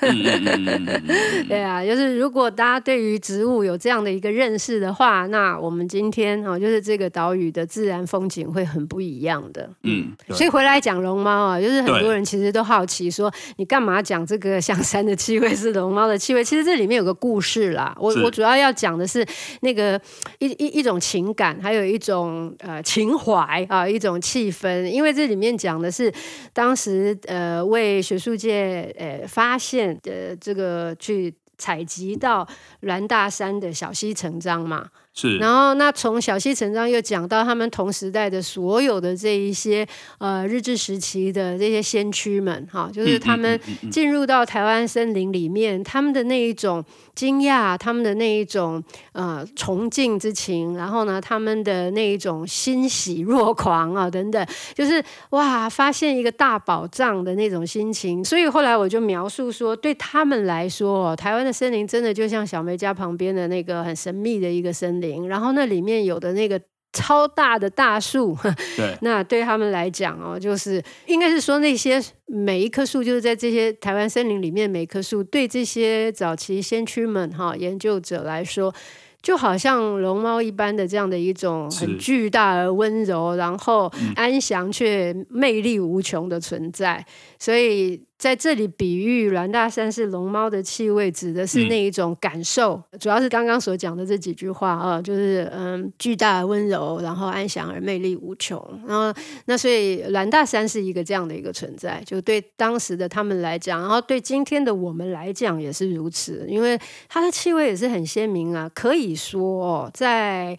嗯嗯嗯嗯、 對啊，就是如果大家對於植物有這樣的一個認識的話，那我們今天哦，就是這個島嶼的自然風景會很不一樣的。嗯，所以回來講龍貓啊，就是很多人其實都好奇說，你幹嘛講這個巒大杉的氣味是龍貓的氣味？其實這裡面有個故事啦。我我主要要講的是那個一一一種情感，還有一種呃情懷啊、呃，一種氣氛，因為這裡面講的是當時呃。為學術界、呃，發現的這個去採集到巒大山的小西成章嘛。是，然後那從小西成章又講到他們同時代的所有的這一些呃日治時期的這些先驅們哈、哦，就是他們進入到台灣森林裡面，他們的那一種驚訝，他們的那一種呃崇敬之情，然後呢他們的那一種欣喜若狂啊、哦、等等，就是哇發現一個大寶藏的那種心情，所以後來我就描述說，對他們來說，台灣的森林真的就像小梅家旁邊的那個很神秘的一個森林。然後那裡面有的那個超大的大樹，對， 那對他們來講哦，就是應該是說那些每一棵樹，就是在這些台灣森林裡面每一棵樹，對這些早期先驅們哈研究者來說，就好像龍貓一般的這樣的一種很巨大而溫柔，然後安詳卻魅力無窮的存在，所以。在這裡比喻巒大杉是龍貓的氣味，指的是那一種感受，嗯，主要是剛剛所講的這幾句話啊、哦，就是嗯，巨大而溫柔，然後安詳而魅力無窮，然、嗯、後那所以巒大杉是一個這樣的一個存在，就對當時的他們來講，然後對今天的我們來講也是如此，因為它的氣味也是很鮮明啊，可以說、哦、在。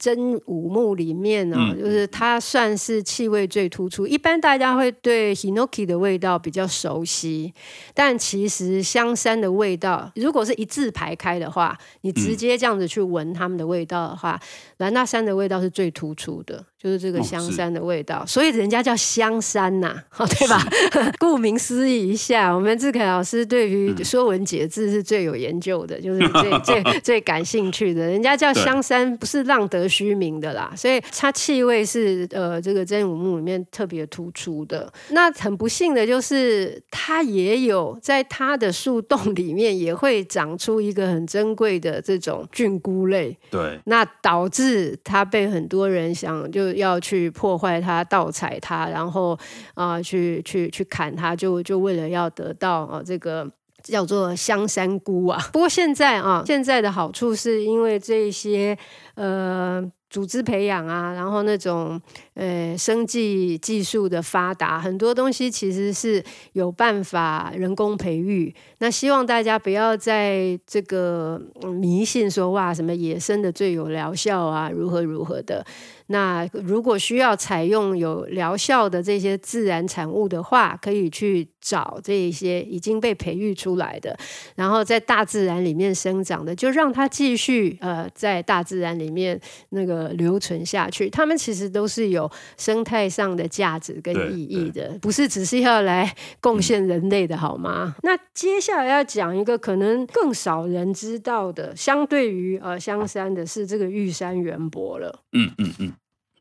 真武木裡面呢、啊，就是它算是氣味最突出。一般大家會對 Hinoki 的味道比較熟悉，但其實香杉的味道，如果是一字排開的話，你直接這樣子去聞它們的味道的話，巒大杉的味道是最突出的。就是這個香山的味道，哦、所以人家叫香山吶、啊，對吧？ 顧名思義一下，我們志凱老師對於說文解字是最有研究的，嗯、就是最最最感興趣的。人家叫香山不是浪得虛名的啦，所以它氣味是呃這個真武木裡面特別突出的。那很不幸的就是它也有在它的樹洞裡面也會長出一個很珍貴的這種菌菇類，對，那導致它被很多人想就。要去破壞它、盜採它，然後啊、呃，去去去砍它，就就為了要得到啊、呃、這個叫做香山菇啊。 不過現在啊、呃，現在的好處是因為這些呃組織培養啊，然後那種呃生技技術的發達，很多東西其實是有辦法人工培育。那希望大家不要在這個迷信說哇，什麼野生的最有療效啊，如何如何的。那如果需要採用有療效的這些自然產物的話，可以去找這些已經被培育出來的，然後在大自然裡面生長的，就讓它繼續呃在大自然裡面那個留存下去。它們其實都是有生態上的價值跟意義的，不是只是要來貢獻人類的、嗯、好嗎？那接下來要講一個可能更少人知道的，相對於呃香山的是這個玉山圓柏了。嗯嗯嗯。嗯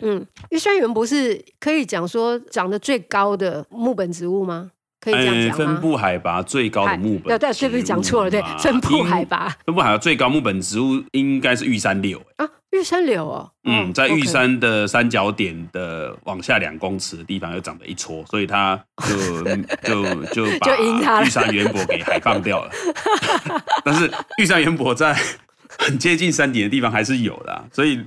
嗯，玉山圓柏不是可以講說長得最高的木本植物嗎？可以這樣講、欸、分佈海拔最高的木本植物，對、哎、對，對、哦、是不是講錯了，對，分佈海拔分佈海拔最高木本植物應該是玉山柳、欸、啊，玉山柳哦，嗯，嗯、okay，在玉山的三角點的往下兩公尺的地方又長得一撮，所以它就就就把玉山圓柏給海放掉了， 但是玉山圓柏在很接近山頂的地方還是有的、啊，所以。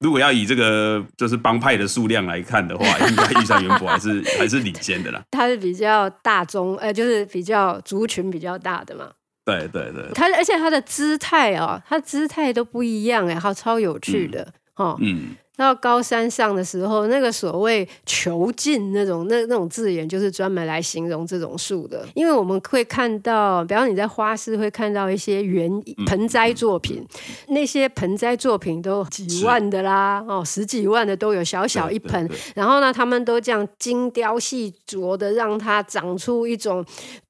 如果要以這個就是幫派的數量來看的話，應該玉山圓柏還是 還是領先的啦。它是比較大宗呃，就是比較族群比較大的嘛。對對對。它而且它的姿態啊、哦，它姿態都不一樣，然後超有趣的、嗯、哦。嗯。到高山上的時候，那個所謂「囚禁」那種，那，那種字眼，就是專門來形容這種樹的。因為我們會看到，比方你在花市會看到一些原盆栽作品、嗯嗯，那些盆栽作品都幾萬的啦，哦，十幾萬的都有，小小一盆。然後呢，他們都這樣精雕細，細琢的讓它長出一種。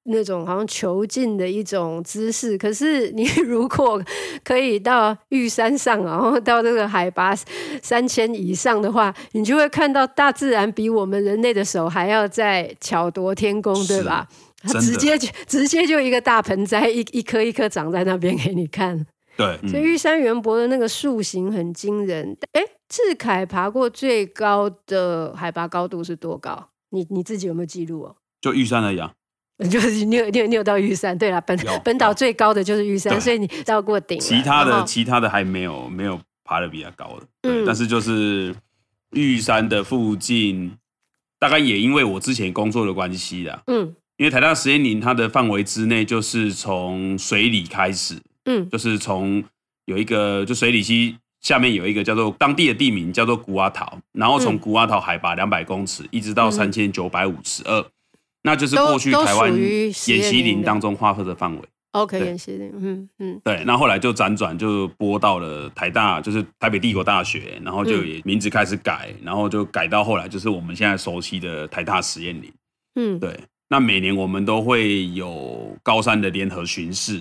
那種好像囚禁的一種姿勢。可是你如果可以到玉山上，然後到這個海拔三千以上的話，你就會看到大自然比我們人類的手還要再巧奪天工，對吧？它直接就直接就一個大盆栽，一一顆一顆長在那邊給你看。對，嗯、所以玉山圓柏的那個樹形很驚人。哎，智凱爬過最高的海拔高度是多高？你你自己有沒有記錄哦？就玉山而已啊。就是你有你有你有到玉山，對啦，本本島最高的就是玉山，所以你到過頂。其他的其他的還沒有沒有爬的比較高的，嗯，但是就是玉山的附近，大概也因為我之前工作的關係啦，嗯，因為台大實驗林它的範圍之內就是從水里開始，嗯，就是從有一個就水里溪下面有一個叫做當地的地名叫做古阿桃，然後從古阿桃海拔兩百公尺一直到三千九百五十二。嗯那就是過去台灣演習林當中劃分的範圍。OK，演習林，嗯嗯。對，那後來就輾轉就播到了台大，就是台北帝國大學，然後就也名字開始改，嗯，然後就改到後來就是我們現在熟悉的台大實驗林。嗯，對。那每年我們都會有高山的聯合巡視。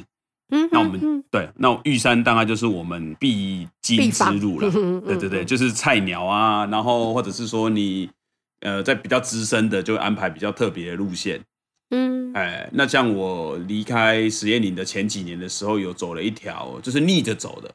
嗯。嗯，那我們、嗯嗯、對，那玉山大概就是我們必經之路了。對對對，就是菜鳥啊，然後或者是說你。呃，在比較資深的，就會安排比較特別的路線。嗯，哎，那像我離開實驗林的前幾年的時候，有走了一條，就是逆着走的。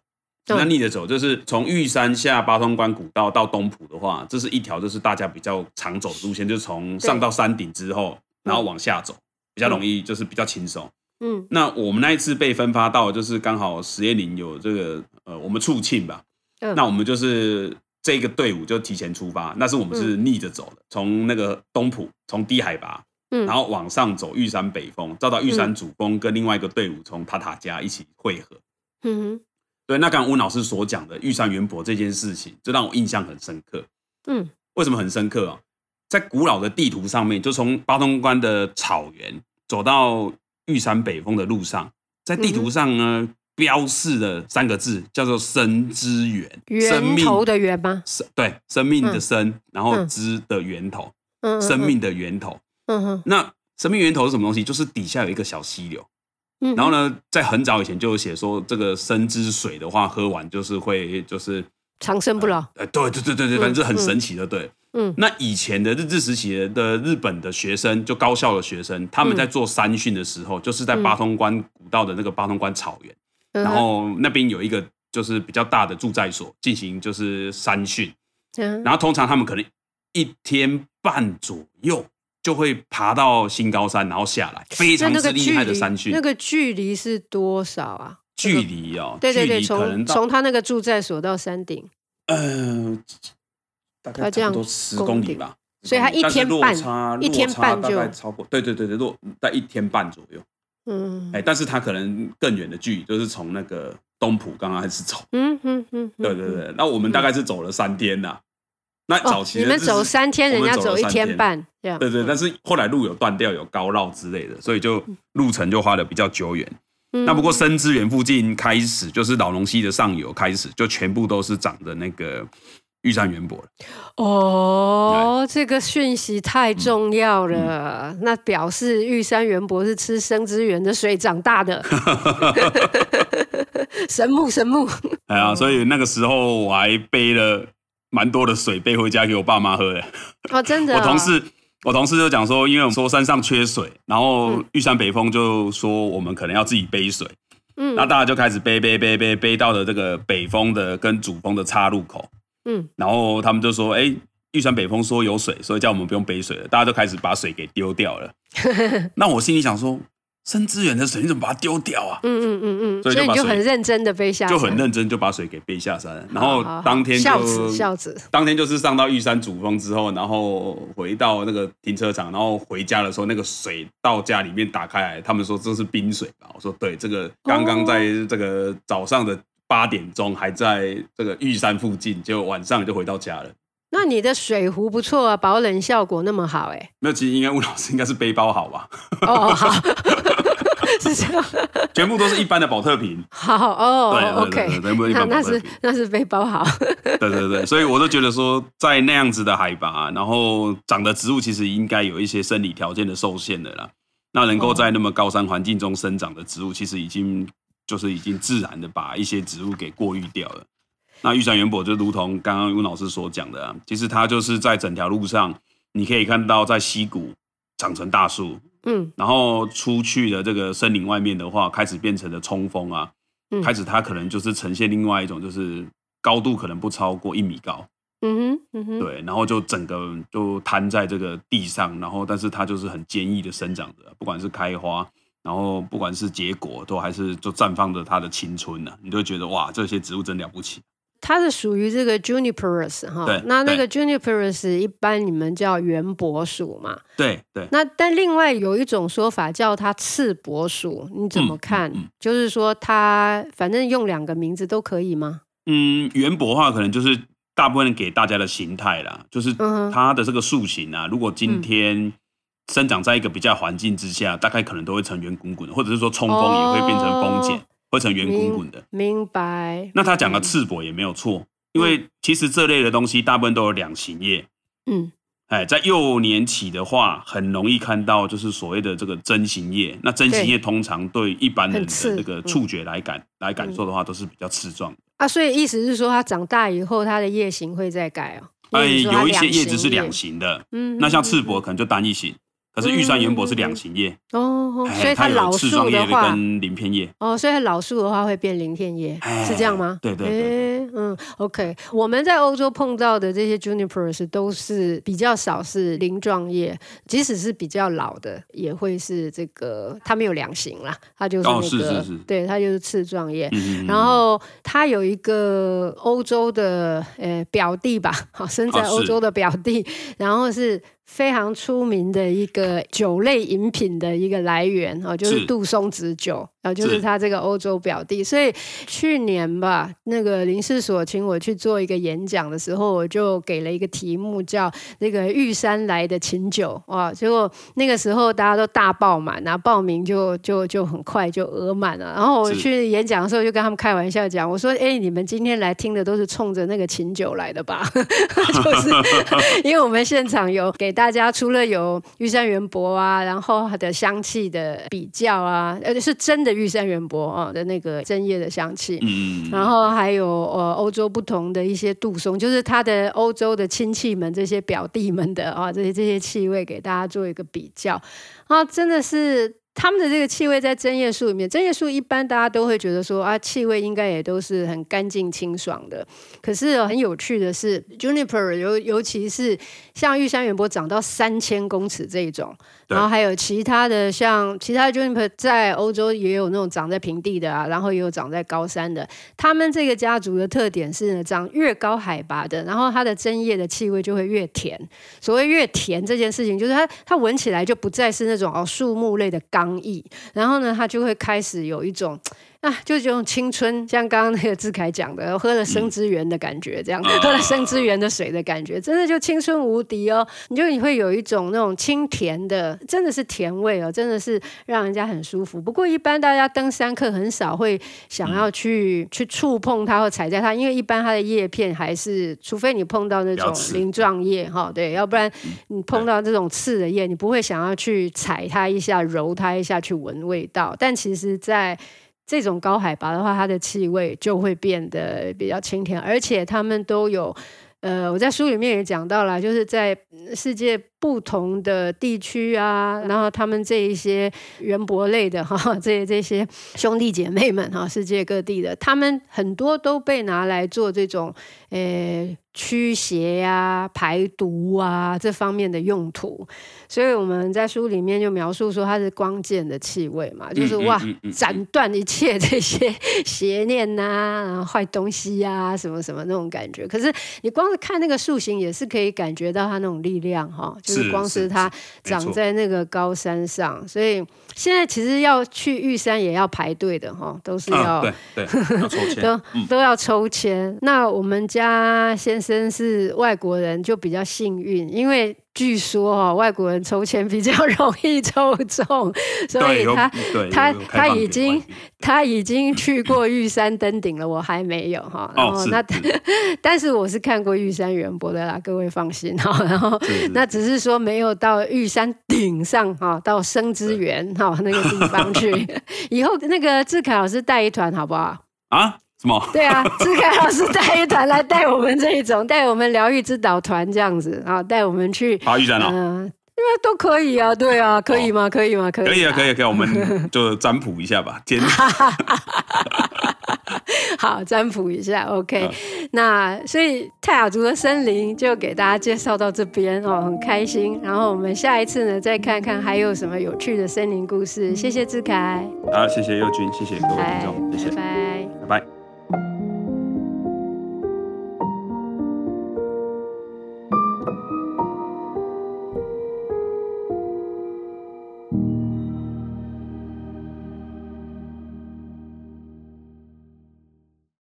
嗯、那逆着走，就是從玉山下八通關古道到東埔的話，這是一條就是大家比較常走的路線，就是從上到山頂之後，然後往下走，嗯、比較容易，就是比較輕鬆、嗯。嗯，那我們那一次被分發到，就是剛好實驗林有這個呃，我們促慶吧、嗯。那我們就是。這個隊伍就提前出發，那是我們是逆着走的，嗯、從那個東埔，從低海拔、嗯，然後往上走玉山北峰，走到玉山主峰，跟另外一個隊伍從塔塔加一起匯合。嗯，嗯對，那剛剛溫老師所講的玉山圓柏這件事情，就讓我印象很深刻。嗯，為什麼很深刻啊？在古老的地圖上面，就從八通關的草原走到玉山北峰的路上，在地圖上呢。嗯嗯標示的三個字叫做“生之源”，源頭的源嗎？生，對生命的生，嗯、然後、嗯、之的源頭、嗯，生命的源頭。嗯哼、嗯，那生命源頭是什麼東西？就是底下有一個小溪流。嗯，然後呢，在很早以前就寫說，這個生之水的話，喝完就是會就是長生不老。哎、呃，對對對對、對，反正這很神奇的，對、嗯。嗯，那以前的日治時期的日本的學生，就高校的學生，他們在做山訓的時候，嗯、就是在八通關古道的那個八通關草原。然後那邊有一個就是比較大的駐在所，進行就是山訓，然後通常他們可能一天半左右就會爬到新高山，然後下來，非常之厲害的山訓，那那山訓。那個距離是多少啊？距離哦，對對對，從從他那個駐在所到山頂，嗯、呃，大概這樣，多十公里吧。里嗯、所以他一天半，一天半就，概對對對對，落在一天半左右。嗯，哎、欸，但是他可能更遠的距離，就是從那個東埔剛剛開始走。嗯嗯嗯，對對對、嗯，那我們大概是走了三天吶、啊。那早期、哦、你們走，三天，們走三天，人家走一天半，對。對對、嗯、但是後來路有斷掉，有高繞之類的，所以就路程就花的比較久遠、嗯。那不過深資源附近開始，就是荖濃溪的上游開始，就全部都是長的那個。玉山元博哦，這個訊息太重要了。嗯嗯、那表示玉山元博是吃生資源的水長大的， 神木神木 。哎呀，所以那個時候我還背了蠻多的水背回家給我爸媽喝哦，真的、哦。我同事，我同事就講說，因為我們說山上缺水，然後玉山北峰就說我們可能要自己背水。嗯，那大家就開始背背背背背，背到了這個北峰的跟主峰的岔路口。嗯，然後他們就說：“哎、欸，玉山北峰說有水，所以叫我們不用背水了。大家都開始把水給丟掉了。 ”那我心裡想說：“生資源的水你怎麼把它丟掉啊？”嗯嗯嗯嗯，所，所以你就很認真的背下，就很認真就把水給背下山。好好好，然後當天就孝子孝子，當天就是上到玉山主峰之後，然後回到那個停車場，然後回家的時候，那個水到家裡面打開來，他們說這是冰水啊，我說對，這個剛剛在這個早上的、哦。八點鐘還在這個玉山附近，就晚上就回到家了。那你的水壺不錯啊，保冷效果那麼好哎、欸。那其實應該溫老師應該是背包好吧？哦，好，是這樣。全部都是一般的保特瓶。好哦，對對對，全部一般保特瓶。那，那是那是背包好。 對對對，所以我都覺得說，在那樣子的海拔，啊，然後長的植物其實應該有一些生理條件的受限的啦。那能夠在那麼高山環境中生長的植物，其實已經。就是已經自然的把一些植物給過濾掉了。那玉山圓柏就如同剛剛溫老師所講的啊，其實它就是在整條路上，你可以看到在溪谷長成大樹，嗯，然後出去的這個森林外面的話，開始變成了衝鋒啊，嗯，開始它可能就是呈現另外一種，就是高度可能不超過一米高，嗯哼，嗯哼，對，然後就整個就癱在這個地上，然後但是它就是很堅毅的生長著，不管是開花。然後不管是結果，都還是就綻放着它的青春呢、啊。你都會覺得哇，這些植物真了不起。它是屬於這個 Juniperus 哈、哦。那那個 Juniperus 一般你們叫圓柏屬嘛？對對。那但另外有一種說法叫它刺柏屬，你怎麼看、嗯嗯嗯？就是說它反正用兩個名字都可以嗎？嗯，圓柏話可能就是大部分人給大家的形態啦，就是它的這個樹形啊。如果今天、嗯。生長在一個比較環境之下，大概可能都會成圓滾滾或者是說衝鋒也會變成風剪、哦，會成圓滾滾的。明白。那他講的刺柏也沒有錯、嗯，因為其實這類的東西大部分都有兩型葉。嗯，哎，在幼年期的話，很容易看到就是所謂的這個針形葉。那針形葉通常對一般人的這個觸覺來感、嗯、來感受的話，都是比較刺狀。啊，所以意思是說，它長大以後，它的葉形會再改哦。哎，有一些葉子是兩型的，嗯，那像刺柏可能就單一型。嗯嗯嗯但是玉山圓柏、嗯、是兩型葉、嗯嗯嗯哦，欸、哦，所以它老樹的話跟鱗片葉哦，所以老樹的話會變鱗片葉，是這樣嗎？對對，對，對、欸、嗯，OK，我們在歐洲碰到的這些 junipers 都是比較少是鱗狀葉，即使是比較老的也會是這個，它沒有兩型啦，它就是那個，哦、是是是對，它就是刺狀葉。然後它有一個歐洲的、欸、表弟吧，好，生在歐洲的表弟，哦、然後是。非常出名的一個酒類飲品的一個來源啊，就是杜松子酒。然後就是他這個歐洲表弟，所以去年吧，那個林試所請我去做一個演講的時候，我就給了一個題目叫“那個玉山來的琴酒”啊。結果那個時候大家都大爆滿啊，然後報名就就就很快就額滿了。然後我去演講的時候就跟他們開玩笑講，我說：“哎，你們今天來聽的都是衝着那個琴酒來的吧？” 就是因為我們現場有給大家除了有玉山圓柏啊，然後它的香氣的比較啊，呃，是真的。玉山圓柏啊的那個針葉的香氣、嗯，然後還有呃歐洲不同的一些杜松，就是它的歐洲的親戚們這些表弟們的啊、哦，這些這些氣味給大家做一個比較啊，真的是。他們的這個氣味在針葉樹裡面，針葉樹一般大家都會覺得說啊，氣味應該也都是很乾淨清爽的。可是很有趣的是，Juniper 尤尤其是像玉山圓柏長到三千公尺這一種，然後還有其他的像其他的 Juniper 在歐洲也有那種長在平地的啊，然後也有長在高山的。他們這個家族的特點是呢，長越高海拔的，然後它的針葉的氣味就會越甜。所謂越甜這件事情，就是它它聞起來就不再是那種哦，樹木類的剛。然後呢，他就會開始有一種。啊，就是用青春，像剛剛那個智凱講的，喝了生之源的感覺，這樣、嗯啊、喝了生之源的水的感覺，真的就青春無敵哦！你就你會有一種那種清甜的，真的是甜味哦，真的是讓人家很舒服。不過一般大家登山客很少會想要去、嗯、去觸碰它或採摘它，因為一般它的葉片還是，除非你碰到那種鱗狀葉哈、哦，對，要不然你碰到這種刺的葉、嗯，你不會想要去踩它一下、揉它一下去聞味道。但其實，在這種高海拔的話，它的氣味就會變得比較清甜，而且它們都有，呃，我在書裡面也講到了，就是在世界，不同的地區啊，然後他們這一些圓柏類的哈，這些這些兄弟姐妹們哈，世界各地的，他們很多都被拿來做這種呃驅邪呀、排毒啊這方面的用途。所以我們在書裡面就描述說，它是光劍的氣味嘛，就是哇，斬斷一切這些邪念吶、啊，然後壞東西呀、啊，什麼什麼那種感覺。可是你光是看那個樹形，也是可以感覺到它那種力量哈，就是。光是它長在那個高山上，所以現在其實要去玉山也要排隊的哈，都是要，啊、 要都、嗯、都要抽籤。那我們家先生是外國人，就比較幸運，因為。據說哈、哦，外國人抽籤比較容易抽中，所以他對對他他，他已經他已經去過玉山登頂了，我還沒有哈、哦。然後是。那是但是我是看過玉山圓柏的啦，各位放心哈、哦。然後那只是說沒有到玉山頂上哈，到生之園哈、哦、那個地方去。 以後那個智凱老師帶一團好不好？啊？ 對啊，志凱老師帶一團來帶我們這一種，帶我們療癒之島團這樣子，然後帶我們去好，一在那，嗯、呃，因為都可以啊，對啊，可以嗎？哦、可以嗎？可以，可以啊，可以、啊，可以、啊， 我們就占卜一下吧，天 。 好，占卜一下，OK。那所以泰雅族的森林就給大家介紹到這邊哦，很開心。然後我們下一次呢，再看看還有什麼有趣的森林故事。謝謝志凱，好，謝謝佑君，謝謝各位聽眾，Hi, 謝謝，拜拜。Bye bye